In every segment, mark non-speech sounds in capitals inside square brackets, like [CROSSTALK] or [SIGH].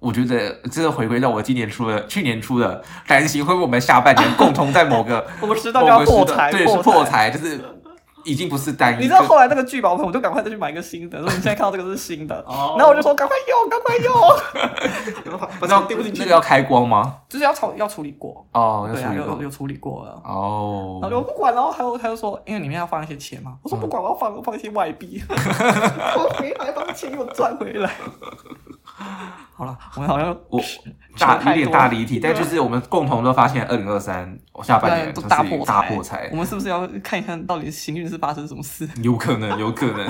我覺得這個回歸到我今年初的、去年初的擔心，會不會我們下半年共同在某個 [LAUGHS] 我們遲早要破財，破財，對，是破財，是就是已經不是單一。一你知道後來那個聚寶盆，我就趕快再去買一個新的。說我說你現在看到這個是新的， [LAUGHS] 哦、然後我就說趕快用，趕快用。我說對不對道，那個要開光嗎？就是要處要處理過哦理過，對啊，有有處理過了哦。然後我不管，然後還有他又說，因為裡面要放一些錢嘛。我說不管，嗯、我要放我要放一些外幣，我 [LAUGHS] 回來，把錢給我賺回來。 [LAUGHS] 好了，我們好像我大有點大離題，但就是我們共同都發現，二零二三下半年大破大破財。破財 [LAUGHS] 我們是不是要看一看到底幸運是發生什麼事？有可能，有可能。 [LAUGHS]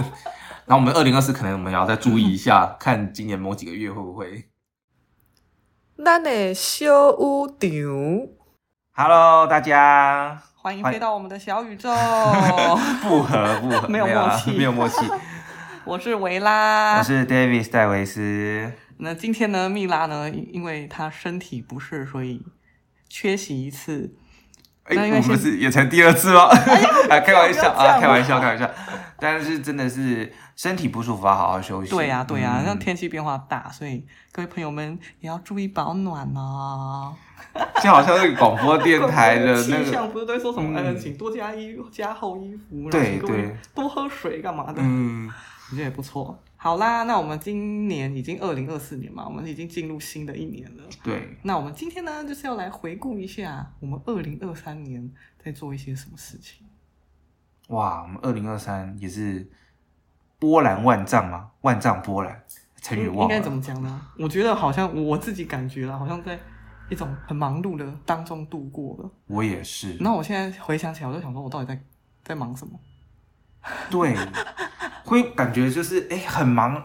然後我們二零二四可能我們也要再注意一下， [LAUGHS] 看今年某幾個月會不會。那你小屋頂 Hello 大家歡迎飛到我們的小宇宙。 [LAUGHS] 不合，不合， [LAUGHS] 沒有默契，沒有、啊、 [LAUGHS] 沒有默契。我是維拉，我是 David, 戴維斯。戴維斯，那今天呢？蜜拉呢？因為她身體不適，所以缺席一次。哎、欸，我們是也成第二次了。哎， [LAUGHS] 開玩笑要要啊，開玩笑，開玩笑。但是真的是身體不舒服啊，好好休息。對呀、啊，對呀、啊。那、嗯、天氣變化大，所以各位朋友們也要注意保暖哦 [LAUGHS] 就好像那個廣播電台的那像、個、 [LAUGHS] 不是在說什麼？哎、嗯，請多加衣，加厚衣服。對對。多喝水，幹嘛的？對對嗯。我覺得也不錯。好啦，那我們今年已經二零二四年嘛，我們已經進入新的一年了。對。那我們今天呢，就是要來回顧一下我們二零二三年在做一些什麼事情。哇，我們二零二三也是波瀾萬丈嘛，萬丈波瀾。成語忘了。嗯，應該怎麼講呢？ [LAUGHS] 我覺得好像我自己感覺了，好像在一種很忙碌的當中度過了。我也是。那我現在回想起來，我就想說，我到底在在忙什麼？對。 [LAUGHS] 會感覺就是哎，很忙，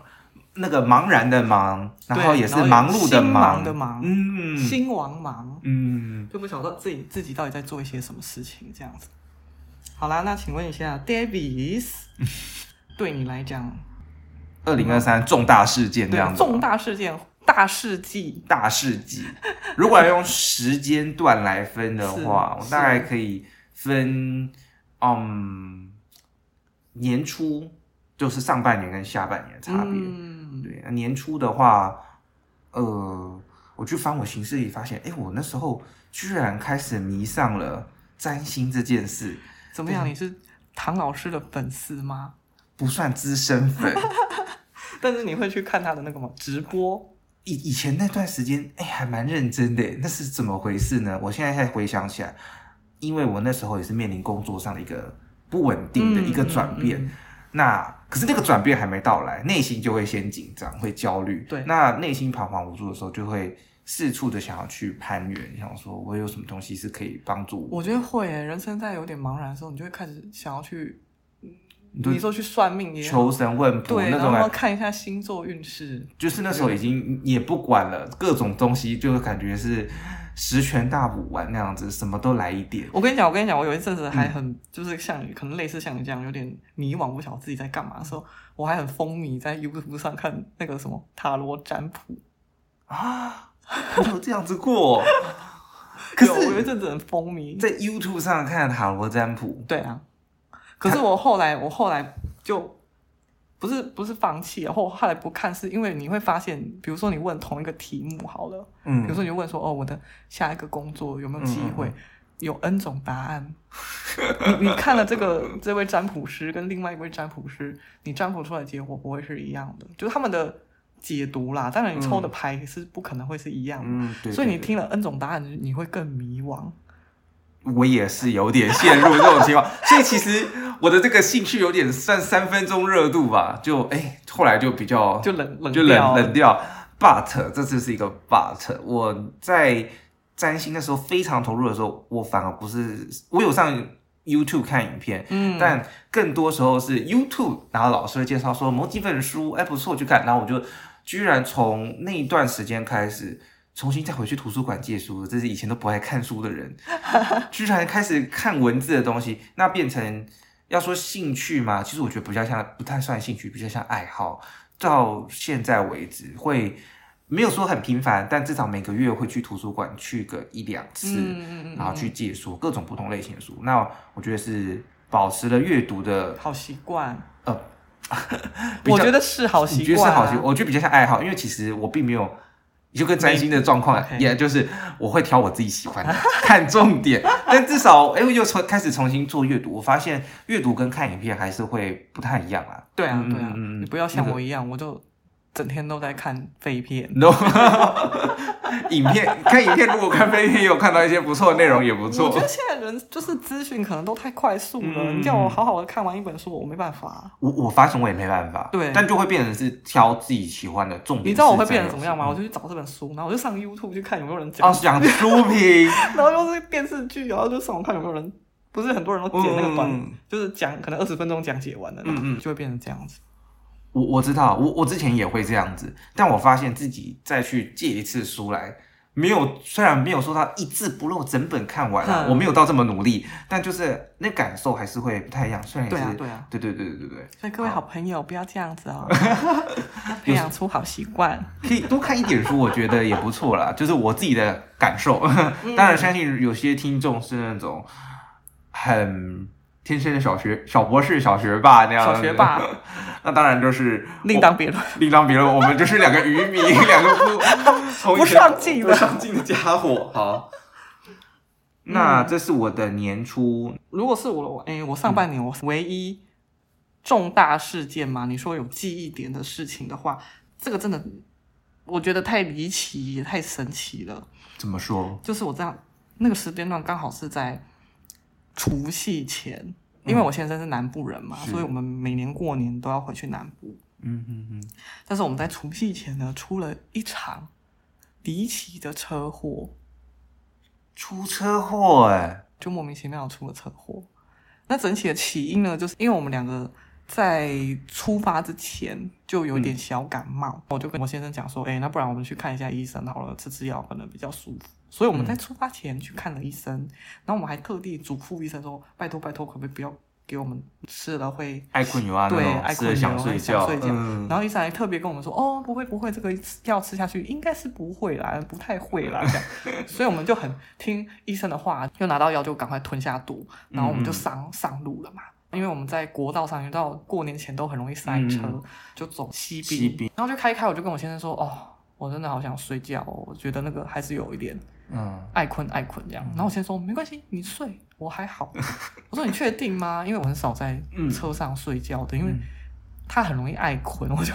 那個茫然的忙，然後也是忙碌的忙，忙的忙，嗯，心亡忙，嗯，就不想說自己自己到底在做一些什麼事情，這樣子。好啦，那請問一下，Davis， [LAUGHS] 對你來講，二零二三重大事件這樣子對，重大事件、大事紀，大事紀。如果要用時間段來分的話， [LAUGHS] 我大概可以分，嗯，嗯，年初。就是上半年跟下半年的差別。嗯，對。年初的話，呃，我去翻我行事曆發現，哎，我那時候居然開始迷上了占星這件事。怎麼樣？你是唐老師的粉絲嗎？不算資深粉， [LAUGHS] 但是你會去看他的那個嗎？直播？以以前那段時間，哎，還蠻認真的。那是怎麼回事呢？我現在才回想起來，因為我那時候也是面臨工作上的一個不穩定的一個轉變。嗯嗯嗯那可是那個轉變還沒到來，內心就會先緊張，會焦慮。對，那內心彷徨無助的時候，就會四處的想要去攀援，想說我有什麼東西是可以幫助我。我覺得會耶，人生在有點茫然的時候，你就會開始想要去，你說去算命、求神問卜那種，然後看一下星座運勢。就是那時候已經也不管了，各種東西就會感覺是。十全大補丸那樣子什麼都來一點。我跟你講，我跟你講，我有一陣子還很、嗯、就是像你可能類似像你這樣有點迷惘，不曉得自己在幹嘛的時候，我還很風靡在 YouTube 上看那個什麼塔羅占卜啊，就這樣子過。 [LAUGHS] 可是有我有一陣子很風靡在 YouTube 上看塔羅占卜。對啊，可是我後來我後來就。不是不是放棄，然後後來不看，是因為你會發現，比如說你問同一個題目好了，嗯，比如說你就問說，哦，我的下一個工作有沒有機會，嗯嗯嗯，有 N 種答案， [LAUGHS] 你你看了這個 [LAUGHS] 這位占卜師跟另外一位占卜師，你占卜出來的結果不會是一樣的，就是他們的解讀啦，當然你抽的牌是不可能會是一樣的，嗯嗯、對對對，所以你聽了 N 種答案，你會更迷惘。我也是有點陷入這種情況， [LAUGHS] 所以其實我的這個興趣有點算三分鐘熱度吧，就哎、欸，後來就比較就冷冷就冷冷掉。冷掉 [LAUGHS] But 這次是一個 But，我在占星的時候非常投入的時候，我反而不是我有上 YouTube 看影片，嗯，但更多時候是 YouTube，然後老師會介紹說某幾本書，哎，不錯，我去看，然後我就居然從那一段時間開始。重新再回去圖書館借書，這是以前都不愛看書的人， [LAUGHS] 居然開始看文字的東西，那變成要說興趣嘛，其實我覺得比較像不太算興趣，比較像愛好。到現在為止會沒有說很頻繁，但至少每個月會去圖書館去個一兩次，嗯嗯嗯，然後去借書，各種不同類型的書。那我覺得是保持了閱讀的好習慣。呃，我覺得是好習慣、啊，你覺得是好習，我覺得比較像愛好，因為其實我並沒有。就跟專心的狀況，也就是我會挑我自己喜歡的 [LAUGHS] 看重點，但至少哎，我、欸、又從開始重新做閱讀，我發現閱讀跟看影片還是會不太一樣啊。對啊，對啊，嗯、你不要像我一樣，我，我就整天都在看廢片。No [LAUGHS] [LAUGHS] 影片，看影片，如果看影片有看到一些不錯的內容也不錯。我覺得現在人就是資訊可能都太快速了、嗯。你叫我好好的看完一本書，我沒辦法。我我發現我也沒辦法。對，但就會變成是挑自己喜歡的重點的。你知道我會變成什麼樣嗎、嗯？我就去找這本書，然後我就上 YouTube 去看有沒有人講書評，哦、書 [LAUGHS] 然後就是電視劇，然後就上網看有沒有人，不是很多人都剪那個短，嗯、就是講可能二十分鐘講解完了，就會變成這樣子。我我知道，我我之前也會這樣子，但我發現自己再去借一次書來，沒有雖然沒有說他一字不漏整本看完、啊嗯、我沒有到這麼努力，但就是那感受還是會不太一樣。雖然也是對啊對啊對對對對對，對所以各位好朋友好，不要這樣子哦， [LAUGHS] 培養出好習慣，可以多看一點書，我覺得也不錯啦。就是我自己的感受， [LAUGHS] 當然相信有些聽眾是那種很。天生的小學小博士，小學霸那樣，小學霸，那當然就是另當別論。另當別論，另當別論 [LAUGHS] 我們就是兩個漁民，兩 [LAUGHS] 個不不上進的，的家伙。好、嗯，那這是我的年初。如果是我，誒、哎、我上半年、嗯、我唯一重大事件嘛？你說有記憶點的事情的話，這個真的我覺得太離奇、也太神奇了。怎麼說？就是我這樣，那個時間段剛好是在。除夕前，因為我先生是南部人嘛、嗯，所以我們每年過年都要回去南部。嗯嗯嗯。但是我們在除夕前呢，出了一場離奇的車禍。出車禍哎、欸，就莫名其妙出了車禍。那整體的起因呢，就是因為我們兩個在出發之前就有點小感冒，嗯、我就跟我先生講說：“哎、欸，那不然我們去看一下醫生好了，吃吃藥可能比較舒服。”所以我們在出發前去看了醫生、嗯，然後我們還特地囑咐醫生說：“拜托拜托，可不可以不要給我們吃了會愛困有啊？對，愛困，想睡覺，想睡覺。嗯”然後醫生還特別跟我們說：“哦，不會不會，這個藥吃下去應該是不會啦，不太會啦。嗯” [LAUGHS] 所以我們就很聽醫生的話，又拿到藥就趕快吞下肚，然後我們就上、嗯、上路了嘛。因為我們在國道上，到過年前都很容易塞車，嗯、就走西濱，西濱，然後就開一開，我就跟我先生說：“哦，我真的好想睡覺哦，我覺得那個還是有一點。”嗯，愛睏愛睏這樣，然後我先說沒關係，你睡，我還好。 [LAUGHS] 我說，你確定嗎？因為我很少在車上睡覺的，嗯、因為他很容易愛睏，我就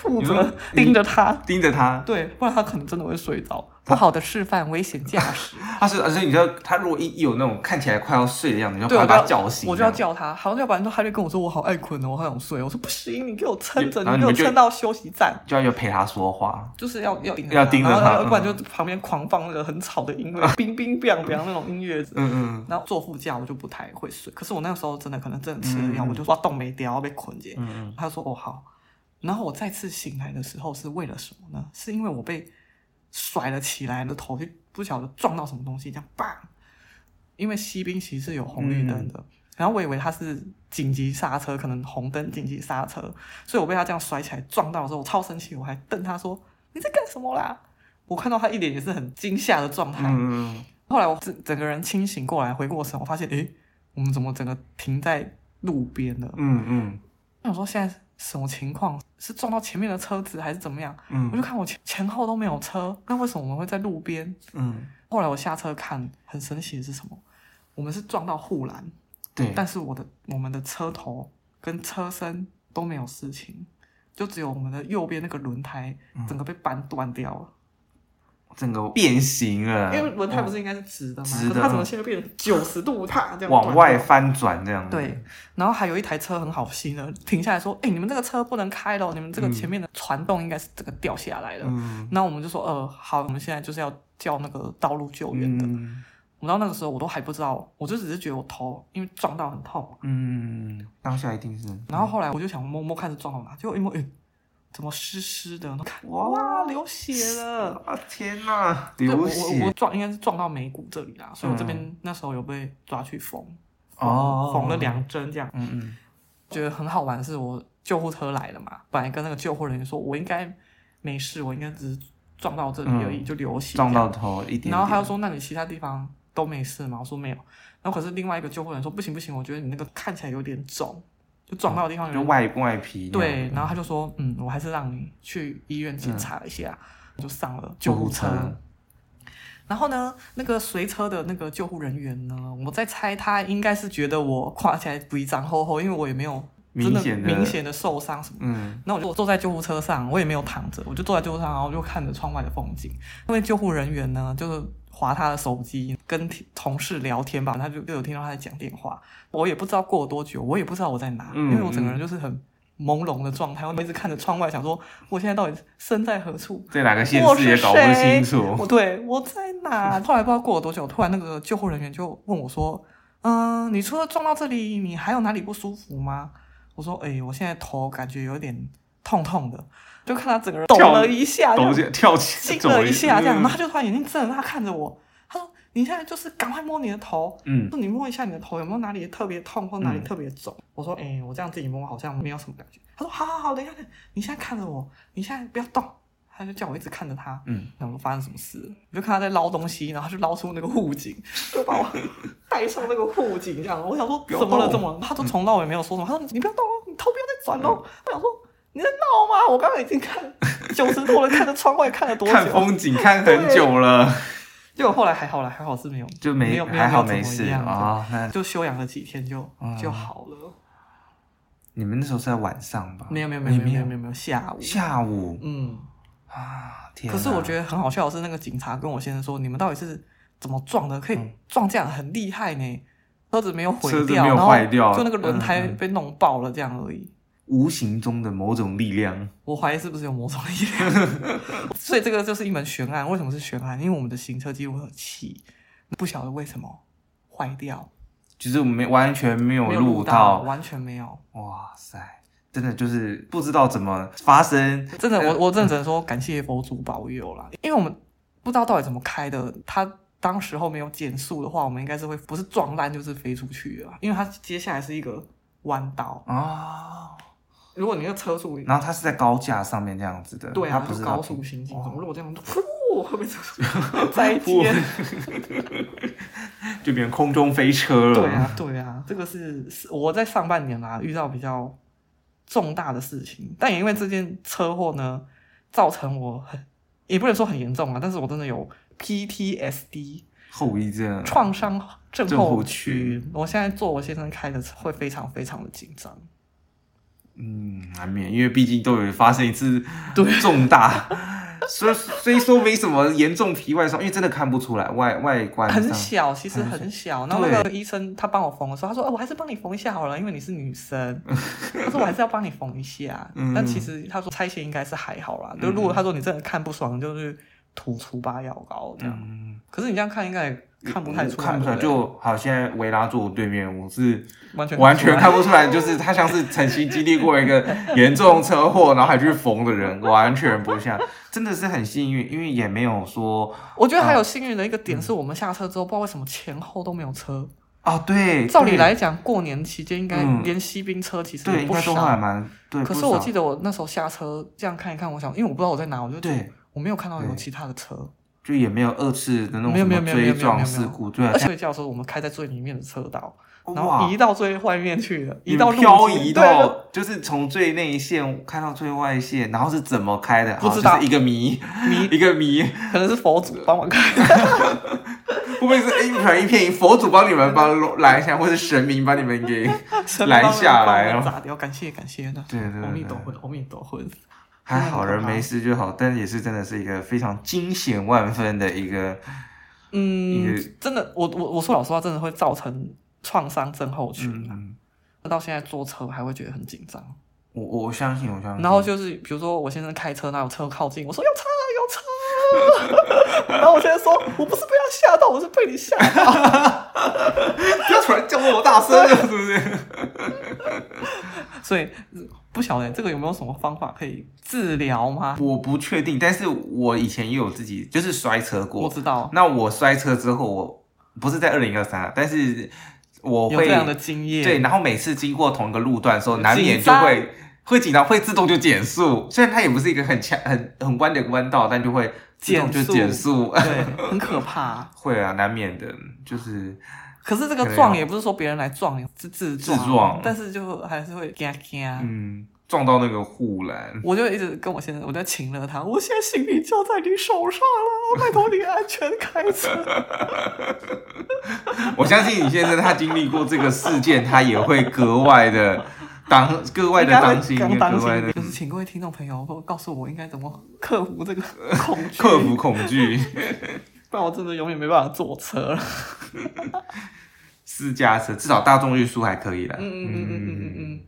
負責盯着他，有有盯着他，對，不然他可能真的會睡着。不，不好的示範，危險駕駛。他是，而、啊、且你知道，他如果一,一有那種看起來快要睡的樣子，你就要把他叫醒我。我就要叫他，好像就要不然他，他就跟我說：“我好愛睏哦，我好想睡。”我說：“不行，你給我撐着，你給我撐到休息站。”就要陪他說話，就是要要盯，要盯着他，不然就，就旁邊狂放那個很吵的音樂，冰冰涼涼那種音樂子。嗯嗯，然後坐副駕我就不太會睡，可是我那個時候真的可能真的吃了藥、嗯，我就說，哇凍未條，要被困住。嗯。他就說：“哦好。”然後我再次醒來的時候是為了什麼呢？是因為我被。甩了起來，的頭就不曉得撞到什麼東西，這樣砰，因為西濱其實是有紅綠燈的、嗯，然後我以為他是緊急剎車，可能紅燈緊急剎車，所以我被他這樣甩起來撞到的時候，我超生氣，我還瞪他說你在幹什麼啦？我看到他一臉也是很驚嚇的狀態、嗯嗯。後來我整整個人清醒過來，回過神，我發現誒、欸，我們怎麼整個停在路邊了？嗯嗯，那我說現在。什麼情況是撞到前面的車子還是怎麼樣？嗯，我就看我前前後都沒有車，嗯，那為什麼我們會在路邊？嗯，後來我下車看，很神奇的是什麼？我們是撞到護欄，對，但是我的我們的車頭跟車身都沒有事情，就只有我們的右邊那個輪胎整個被扳斷掉了。嗯整個變形了，因為輪胎不是應該是直的嗎？哦、直的，可是它怎麼現在變成九十度啪這樣往外翻轉這樣子？對。然後還有一台車很好心的停下來說：“哎、欸，你們這個車不能開了，你們這個前面的傳動應該是這個掉下來了。”嗯。然後我們就說：“呃，好，我們現在就是要叫那個道路救援的。嗯”嗯嗯，我到那個時候我都還不知道，我就只是覺得我頭因為撞到很痛。嗯，當下一定是。然後後來我就想摸摸看是撞到哪，結果一摸哎。欸怎麼濕濕的？都看，哇，流血了！啊天哪、啊，流血我我！我撞，應該是撞到眉骨這裡啦，所以我這邊那時候有被抓去縫，哦、嗯，縫了兩針這樣、哦。嗯嗯，覺得很好玩，是我救護車來了嘛？本來跟那個救護人員說，我應該沒事，我應該只是撞到這裡而已，嗯、就流血，撞到頭一點點。然後他又說，那你其他地方都沒事嘛？我說沒有。然後可是另外一個救護人員說，不行不行，我覺得你那個看起來有點腫。就撞到的地方，就外外皮。對，然後他就說：“嗯，我還是讓你去醫院檢查一下。嗯”就上了救護車、車。然後呢，那個隨車的那個救護人員呢，我在猜他應該是覺得我看起來皮糙肉厚，因為我也沒有明顯的明顯的受傷什麼。嗯，那我就坐在救護車上，我也沒有躺着，我就坐在救護車上，然後就看着窗外的風景。那位救護人員呢，就是。滑他的手機，跟同事聊天吧，他就就有聽到他在講電話。我也不知道過了多久，我也不知道我在哪，嗯、因為我整個人就是很朦朧的狀態。我一直看着窗外，想說我現在到底身在何處，在哪個縣市也搞不清楚。我對，我在哪、啊？後來不知道過了多久，突然那個救護人員就問我說：“嗯，你除了撞到這裡，你還有哪裡不舒服嗎？”我說：“哎，我現在頭感覺有點痛痛的。”就看他整個人動了一下，起跳，跳起，驚了一下這樣，然後他就突然眼睛睜，他看着我，他說、嗯：“你現在就是趕快摸你的頭，嗯，說你摸一下你的頭有沒有哪裡特別痛或哪裡特別腫、嗯？”我說：“哎、欸，我這樣自己摸好像沒有什麼感覺。”他說：“好好好，等一下，等你現在看着我，你現在不要動。”他就叫我一直看着他，嗯，然後發生什麼事？我就看他在撈東西，然後就撈出那個護頸，就把我戴上那個護頸，這樣、嗯、我想說怎麼了怎麼了？他就從頭到尾沒有說什麼，他說：“嗯、你不要動哦，你頭不要再轉哦。我、嗯、想說。你在鬧嗎？我剛剛已經看九十度了， [LAUGHS] 看着窗外看了多久了？看風景看很久了。結果後來還好了，還好是沒有，就沒，沒有，還好沒事啊、哦。就休養了幾天就、嗯、就好了。你們那時候是在晚上吧？沒有沒有沒有沒有沒有沒有，沒有，沒有下午下午嗯啊天啊。可是我覺得很好笑的是，那個警察跟我先生說：“你們到底是怎麼撞的？可以撞這樣很厲害呢、嗯？車子沒有毀掉，車子沒有壞掉，就那個輪胎、嗯嗯、被弄爆了這樣而已。”無形中的某種力量，我懷疑是不是有某種力量， [LAUGHS] 所以這個就是一門懸案。為什麼是懸案？因為我們的行車記錄器不曉得為什麼壞掉，就是沒完全沒有錄到，到，完全沒有。哇塞，真的就是不知道怎麼發生。真的，呃、我我真的只能說，感謝佛祖保佑啦！嗯。因為我們不知道到底怎麼開的。它當時候沒有減速的話，我們應該是會不是撞爛就是飛出去啊。因為它接下來是一個彎道啊。如果你那個車速個，然後它是在高架上面這樣子的，對啊，它不是高速行進，如果這樣，噗 [LAUGHS] [LAUGHS] 一天，後面車子就變成空中飛車了。對啊，對啊，這個是我在上半年啦、啊、遇到比較重大的事情，但也因為這件車禍呢，造成我很，也不能說很嚴重啊，但是我真的有 PTSD 後遺症、創傷症候群。我現在坐我先生開的車會非常非常的緊張。嗯，難免，因為畢竟都有發生一次重大，所以，所以 [LAUGHS] 說沒什麼嚴重皮外傷，因為真的看不出來外外觀很小，其實很小，很小。然後那個醫生他幫我縫的時候，他說：“哦、欸，我還是幫你縫一下好了，因為你是女生。 [LAUGHS] ”他說：“我還是要幫你縫一下。 [LAUGHS] ”但其實他說拆線應該是還好啦。 [LAUGHS] 就如果他說你真的看不爽，就是塗除疤藥膏這樣。 [LAUGHS] 可是你這樣看應該。看不太出來，看不出來，對對就好。現在維拉坐我對面，我是完全完全看不出來， [LAUGHS] 就是他像是曾經經歷過一個嚴重車禍 [LAUGHS] 然後還去縫的人，完全不像，真的是很幸運，因為也沒有說。我覺得還有幸運的一個點是我們下車之後，嗯、不知道為什麼前後都沒有車啊、哦。對，照理來講，過年期間應該連西兵車其實不、嗯、對不需要還蠻對。可是我記得我那時候下車這樣看一看，我想，因為我不知道我在哪，我就覺得我沒有看到有其他的車。就也沒有二次的那種什麼追撞事故，對。而且叫說我們開在最裡面的車道，然後移到最外面去的，移到漂移到，就是從最內線開到最外線，然後是怎麼開的？不知道，就是、一個謎，謎，一個謎，可能是佛祖幫我開的。 [LAUGHS] [LAUGHS] 會不會是 A 片？一片雲，佛祖幫你們幫攔下， [LAUGHS] 或是神明把你們給攔下來了？要感謝感謝呢對，對對對，阿彌陀佛，阿彌陀佛。還好人沒事就好，但是也是真的是一個非常驚險萬分的一個，嗯，真的，我我我說老實話，真的會造成創傷症候群。那嗯嗯到現在坐車還會覺得很緊張。我我相信，我相信。然後就是比如說我現在開車，那有車靠近，我說有車有車 [LAUGHS] 然後我現在說，我不是被他嚇到，我是被你嚇到。不要突然叫住我大聲，就是不是？ [LAUGHS] 所以。不曉得這個有沒有什麼方法可以治療嗎？我不確定，但是我以前也有自己就是摔車過，我知道。那我摔車之後，我不是在二零二三，但是我會有這樣的經驗。對，然後每次經過同一個路段的時候，難免就會會緊張，會自動就減速。雖然它也不是一個很強、很很彎的彎道，但就會自動就減速，速，對，很可怕。 [LAUGHS] 會啊，難免的，就是。可是這個撞也不是說別人來撞，是自自自撞，但是就還是會怕怕，嗯，撞到那個護欄，我就一直跟我先生，我就請了他，我現在行李交在你手上了， [LAUGHS] 拜託你安全開車。 [LAUGHS] 我相信你先生他經歷過這個事件，他也會格外的當格外的當心，當心，格外的。就是請各位聽眾朋友，告訴我應該怎麼克服這個恐懼，克服恐懼。 [LAUGHS] 那我真的永遠沒辦法坐車了， [LAUGHS] 私家車，至少大眾運輸還可以了嗯嗯嗯嗯嗯嗯，嗯。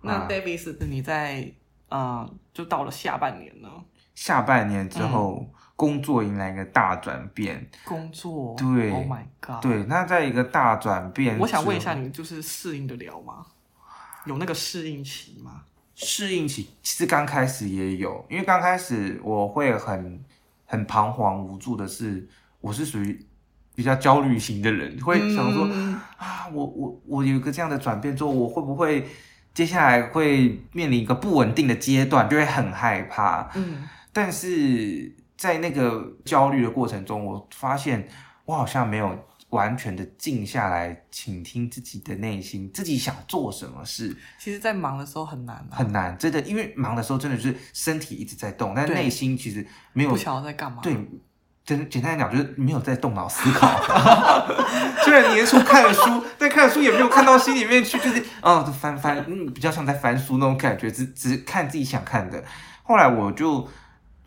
那 Davis，你在啊、呃，就到了下半年呢，下半年之後、嗯，工作迎來一個大轉變。工作？對。Oh my god。對，那在一個大轉變，我想問一下，你就是適應得了嗎？有那個適應期嗎？適應期其實剛開始也有，因為剛開始我會很。很彷徨無助的是，我是屬於比較焦慮型的人，會想說，嗯，啊，我我我有一個這樣的轉變之後，我會不會接下來會面臨一個不穩定的階段，就會很害怕。嗯，但是在那個焦慮的過程中，我發現我好像沒有。完全的靜下來，傾聽自己的內心，自己想做什麼事。其實，在忙的時候很難、啊，很難，真的，因為忙的時候真的是身體一直在動，但內心其實沒有不想要在幹嘛。對，簡簡單的講就是沒有在動腦思考。 [LAUGHS] [LAUGHS] 雖然年初看了書，但看了書也沒有看到心裡面去，就是就、哦、翻翻，嗯，比較像在翻書那種感覺，只只看自己想看的。後來我就。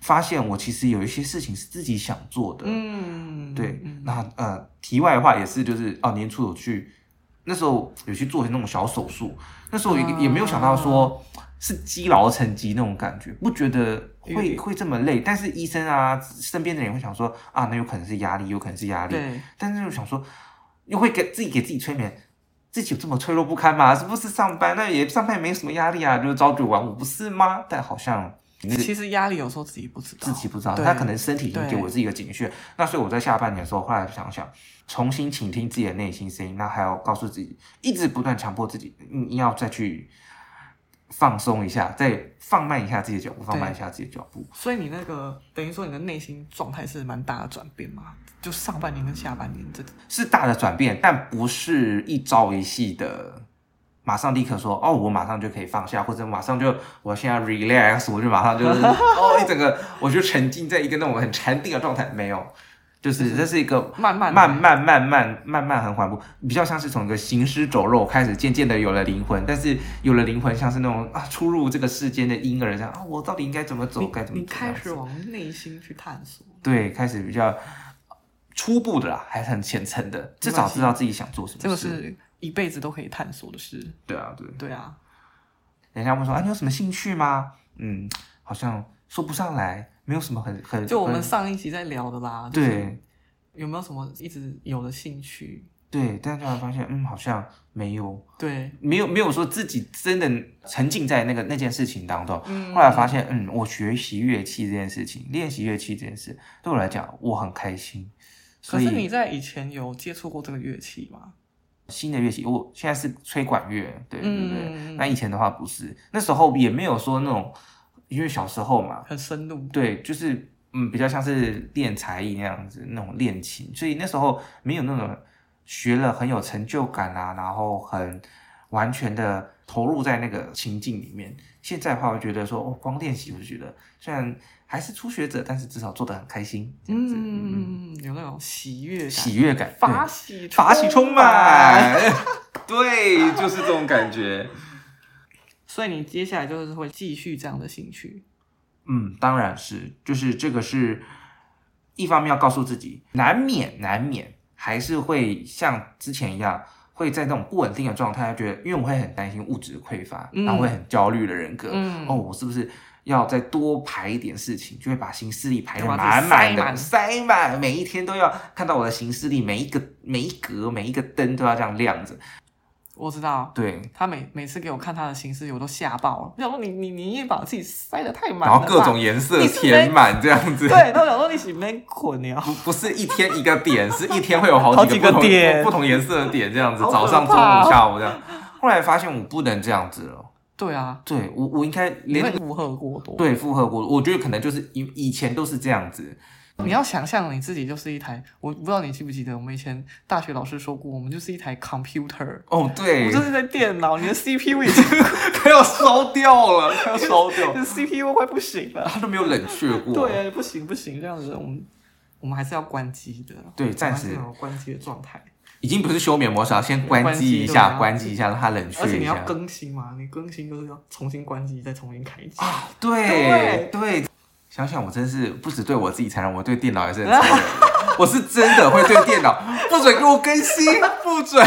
發現我其實有一些事情是自己想做的，嗯，對。那呃，題外的話也是，就是哦，啊，年初有去那時候有去做那種小手術，那時候也，嗯，也沒有想到說是積勞成疾那種感覺，不覺得會會這麼累，嗯。但是醫生啊，身邊的人會想說啊，那有可能是壓力，有可能是壓力。但是又想說，又會給自己給自己催眠，自己有這麼脆弱不堪嗎？是不是上班？那也上班也沒什麼壓力啊，就是朝九晚五，不是嗎？但好像。你其實壓力有時候自己不知道，自己不知道，他可能身體已經給我自己一個警訊。那所以我在下半年的時候，後來想想，重新傾聽自己的內心聲音，那還要告訴自己，一直不斷強迫自己，你要再去放鬆一下，再放慢一下自己的腳步，放慢一下自己的腳步。所以你那個等於說你的內心狀態是蠻大的轉變嘛？就上半年跟下半年，這個，這是大的轉變，但不是一朝一夕的。馬上立刻說哦，我馬上就可以放下，或者馬上就我現在 relax，我就馬上就是 [LAUGHS] 哦，一整個我就沉浸在一個那種很禪定的狀態。沒有，就是，是，是這是一個慢慢，慢慢慢慢慢慢慢慢很緩步，比較像是從一個行屍走肉開始，漸漸的有了靈魂，但是有了靈魂，像是那種啊，初入這個世間的嬰兒人這樣啊，我到底應該怎麼走，該怎麼？你開始往內心去探索，對，開始比較初步的啦，還是很虔誠的，至少知道自己想做什麼事。一輩子都可以探索的事。對啊，對。對啊，人家問說：“啊，你有什麼興趣嗎？”嗯，好像說不上來，沒有什麼很很,很。就我們上一集在聊的啦。對。就是、有沒有什麼一直有的興趣？對，但後來發現，嗯，好像沒有。對，沒有沒有說自己真的沉浸在那個那件事情當中。嗯。後來發現，嗯，我學習樂器這件事情，練習樂器這件事，對我來講，我很開心所以。可是你在以前有接觸過這個樂器嗎？新的樂器，我現在是吹管樂，對對對。那、嗯、以前的話不是，那時候也沒有說那種，因為小時候嘛，很生動，對，就是嗯，比較像是練才藝那樣子，那種練琴，所以那時候沒有那種學了很有成就感啊，然後很完全的投入在那個情境裡面。現在的話，我覺得說，光練習就覺得，雖然還是初學者，但是至少做的很開心這樣子。嗯嗯，有那種喜悅喜悅感，法喜法喜充滿。充滿 [LAUGHS] 對，就是這種感覺。 [LAUGHS] 所以你接下來就是會繼續這樣的興趣？嗯，當然是，就是這個是，一方面要告訴自己，難免難免，還是會像之前一樣。會在那種不穩定的狀態，覺得，因為我會很擔心物質匱乏，嗯、然後會很焦慮的人格、嗯。哦，我是不是要再多排一點事情，就會把行事曆排得滿滿的塞滿，塞滿，每一天都要看到我的行事曆，每一個每一格每一個燈都要這樣亮着。我知道，對，他每每次給我看他的形式，我都嚇爆了。我想說你，你你你也把自己塞得太滿的太滿，然後各種顏色填滿這樣子。沒對，我想說你是沒睏呀？不 [LAUGHS] 不是一天一個點，是一天會有好幾個不同 [LAUGHS] 好幾個點不同顏色的點這樣子 [LAUGHS] 啊。早上、中午、下午這樣。後來發現我不能這樣子了。對啊，對我我應該連負荷過多，對負荷過多，我覺得可能就是以以前都是這樣子。你要想象你自己就是一台，我不知道你記不記得，我們以前大學老師說過，我們就是一台 computer。哦，對，我就是在電腦，你的 CPU 已經快要燒掉了，快要燒掉了， [LAUGHS] 你的 CPU 快不行了。它、啊、都沒有冷卻過。 [LAUGHS] 對啊，不行不行，這樣子我們我們還是要關機的。對，暫時關機的狀態，已經不是休眠模式啊，先關機一下，關機一下讓它冷卻。而且你要更新嘛，你更新都是要重新關機再重新開機。啊。對對對。對想想我真是不只對我自己殘忍，我對電腦也是很殘忍。 [LAUGHS] 我是真的會對電腦不准給我更新，不准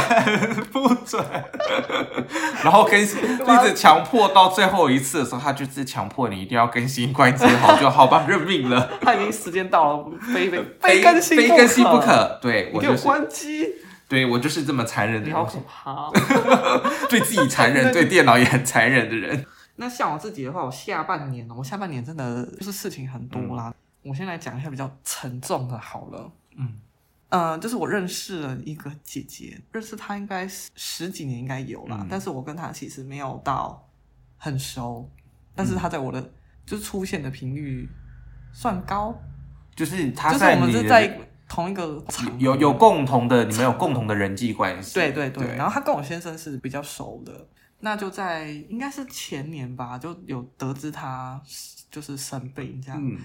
不准。 [LAUGHS] [LAUGHS] 然後更新一直強迫到最後一次的時候，他就是強迫你一定要更新關，關機好就好吧，認命了。他已經時間到了，非非，非，非更新不可。不可 [LAUGHS] 對我就是、我關機。對我就是這麼殘忍的人，你好可怕、哦、 [LAUGHS] [LAUGHS] 對自己殘忍， [LAUGHS] 忍，對電腦也很殘忍的人。那像我自己的話，我下半年呢，我下半年真的就是事情很多啦。嗯、我先來講一下比較沉重的，好了，嗯，呃，就是我認識了一個姐姐，認識她應該十十幾年應該有啦，嗯、但是我跟她其實沒有到很熟，但是她在我的、嗯、就是出現的頻率算高，就是就是我們是在同一個場，有有共同的，你們有共同的人際關係， [LAUGHS] 對對對，對然後她跟我先生是比較熟的。那就在應該是前年吧，就有得知他就是生病這樣、嗯。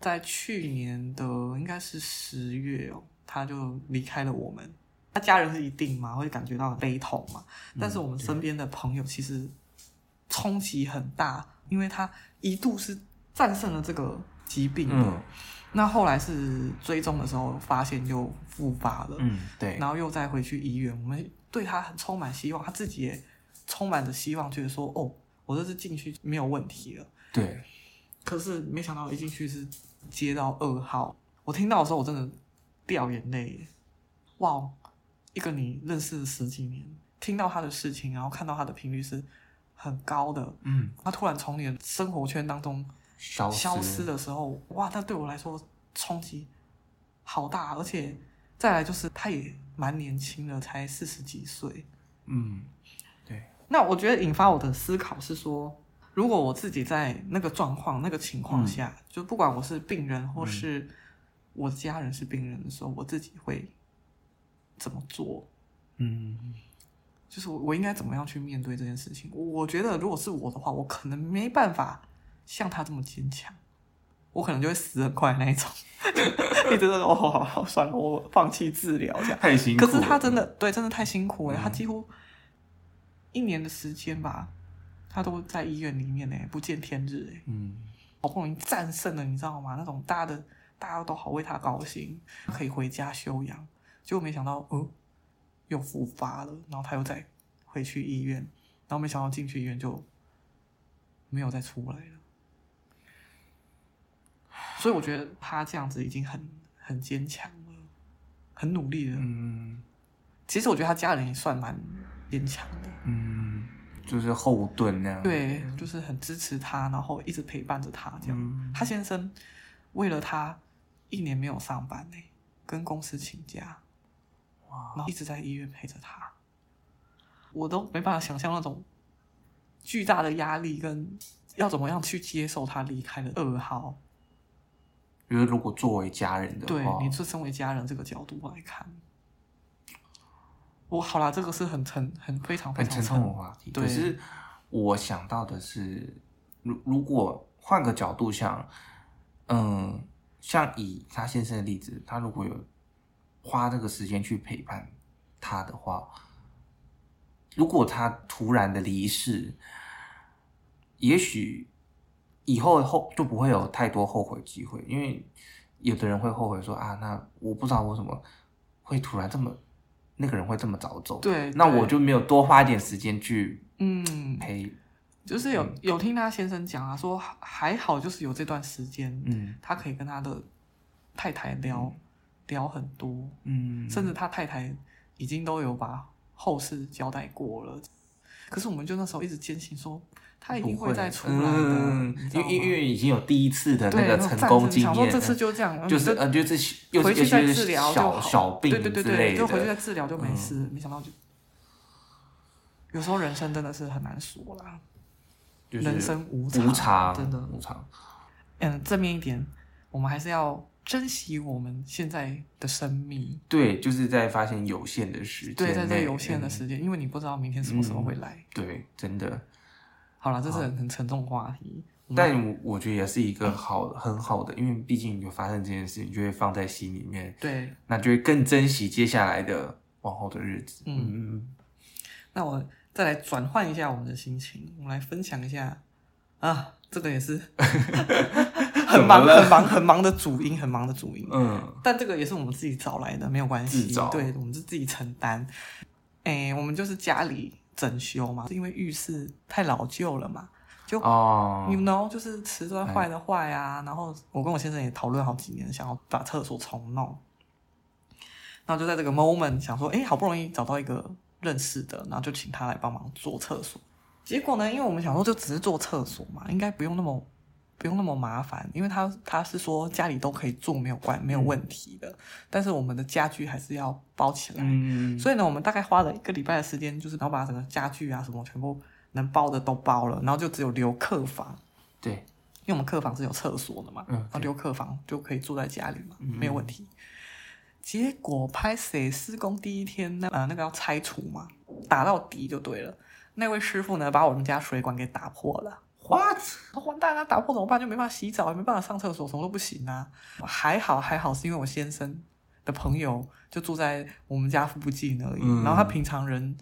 在去年的應該是十月哦，他就離開了我們。他家人是一定嘛會感覺到悲痛嘛、嗯，但是我們身邊的朋友其實衝擊很大，因為他一度是戰勝了這個疾病的、嗯。那後來是追蹤的時候發現又復發了，嗯，對，然後又再回去醫院，我們對他很充滿希望，他自己也。充滿着希望，覺得說：“哦，我這次進去沒有問題了。”對。可是沒想到一進去是接到噩耗。我聽到的時候，我真的掉眼淚。哇、wow！一個你認識十幾年，聽到他的事情，然後看到他的頻率是很高的。嗯。他突然從你的生活圈當中消失的時候，哇！他對我來說衝擊好大，而且再來就是他也蠻年輕的，才四十幾歲。嗯。那我覺得引發我的思考是說，如果我自己在那個狀況、那個情況下、嗯，就不管我是病人，或是我的家人是病人的時候、嗯，我自己會怎麼做？嗯，就是我我應該怎麼樣去面對這件事情？我，我覺得如果是我的話，我可能沒辦法像他這麼堅強，我可能就會死很快那一種，一直都說哦，算了，我放棄治療這樣。太辛苦。可是他真的、嗯、對，真的太辛苦了，嗯、他幾乎。一年的時間吧，他都在醫院裡面呢，不見天日，嗯，好不容易戰勝了，你知道嗎？那種大家的，大家都好為他高興，可以回家休養。結果沒想到，嗯，又復發了，然後他又再回去醫院，然後沒想到進去醫院就沒有再出來了。所以我覺得他這樣子已經很很堅強了，很努力了，嗯。其實我覺得他家人也算蠻。堅強的，嗯，就是後盾那樣。對，就是很支持他，然後一直陪伴着他這樣，嗯。他先生為了他一年沒有上班呢，跟公司請假，哇，然後一直在醫院陪着他。我都沒辦法想象那種巨大的壓力，跟要怎麼樣去接受他離開的噩耗。因為如果作為家人的話，對，你是身為家人這個角度來看。我好啦，這個是很沉、很非常非常很沉重的話題。對，可、就是我想到的是，如如果換個角度想，嗯，像以他先生的例子，他如果有花這個時間去陪伴他的話，如果他突然的離世，也許以後後就不會有太多後悔機會，因為有的人會後悔說啊，那我不知道我怎麼會突然這麼。那個人會這麼早走對？對，那我就沒有多花一點時間去陪，嗯，陪，就是有有聽他先生講啊，說還好，就是有這段時間，嗯，他可以跟他的太太聊，嗯、聊很多，嗯，甚至他太太已經都有把後事交代過了，可是我們就那時候一直堅信說。他一定會再出來、嗯、因為，因為已經有第一次的那個成功經驗，那個、想說這次就這樣，就是嗯，就是、呃就是、回去再治療就好，對對對對，你就回去再治療就沒事、嗯。沒想到就，有時候人生真的是很難說啦、就是，人生無常無常，真的無常。嗯，正面一點，我們還是要珍惜我們現在的生命。對，就是在發現有限的時間，對，在這有限的時間、嗯，因為你不知道明天什麼時候會來。嗯、對，真的。好了，這是很、很沉重的話題，嗯嗯、但我，我覺得也是一個好、嗯、很好的，因為畢竟有發生這件事情，就會放在心裡面，對，那就會更珍惜接下來的往後的日子。嗯嗯，那我再來轉換一下我們的心情，我們來分享一下啊，這個也是 [LAUGHS] [LAUGHS] 很忙很忙很忙的主因，很忙的主因。嗯，但這個也是我們自己找來的，沒有關係，對，我們是自己承擔。哎、欸，我們就是家裡、整修嘛，是因為浴室太老舊了嘛，就你們、oh. you know 就是瓷磚壞的壞啊、嗯，然後我跟我先生也討論好幾年，想要把廁所重弄，然後就在這個 moment 想說，哎，好不容易找到一個認識的，然後就請他來幫忙做廁所。結果呢，因為我們想說就只是做廁所嘛，應該不用那麼。不用那麼麻煩，因為他他是說家裡都可以住，沒有關、嗯、沒有問題的。但是我們的家具還是要包起來，嗯、所以呢，我們大概花了一個禮拜的時間，就是然後把整個家具啊什麼全部能包的都包了，然後就只有留客房。對，因為我們客房是有廁所的嘛，嗯、然後留客房就可以住在家裡嘛，嗯、沒有問題。結果拍攝施工第一天那、呃、那個要拆除嘛，打到底就對了。那位師傅呢，把我們家水管給打破了。花子，完蛋啊，打破怎麼辦？就沒辦法洗澡，也沒辦法上廁所，什麼都不行啊！還好還好，是因為我先生的朋友就住在我們家附近而已。嗯、然後他平常人